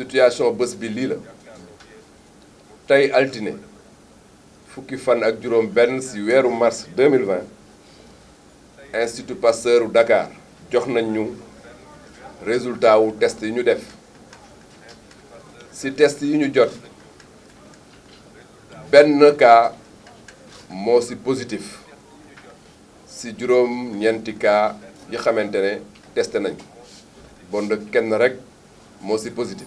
situation bés bi li la altine fukki fan ak juróom benn ci mars 2020 institut Pasteur Dakar jox nañ résultat wu test yi ñu def ci test yi ñu jot benn cas moo positif Si juróom ñeenti cas yi xamante ne testé nañ bon de kenn rek moo positif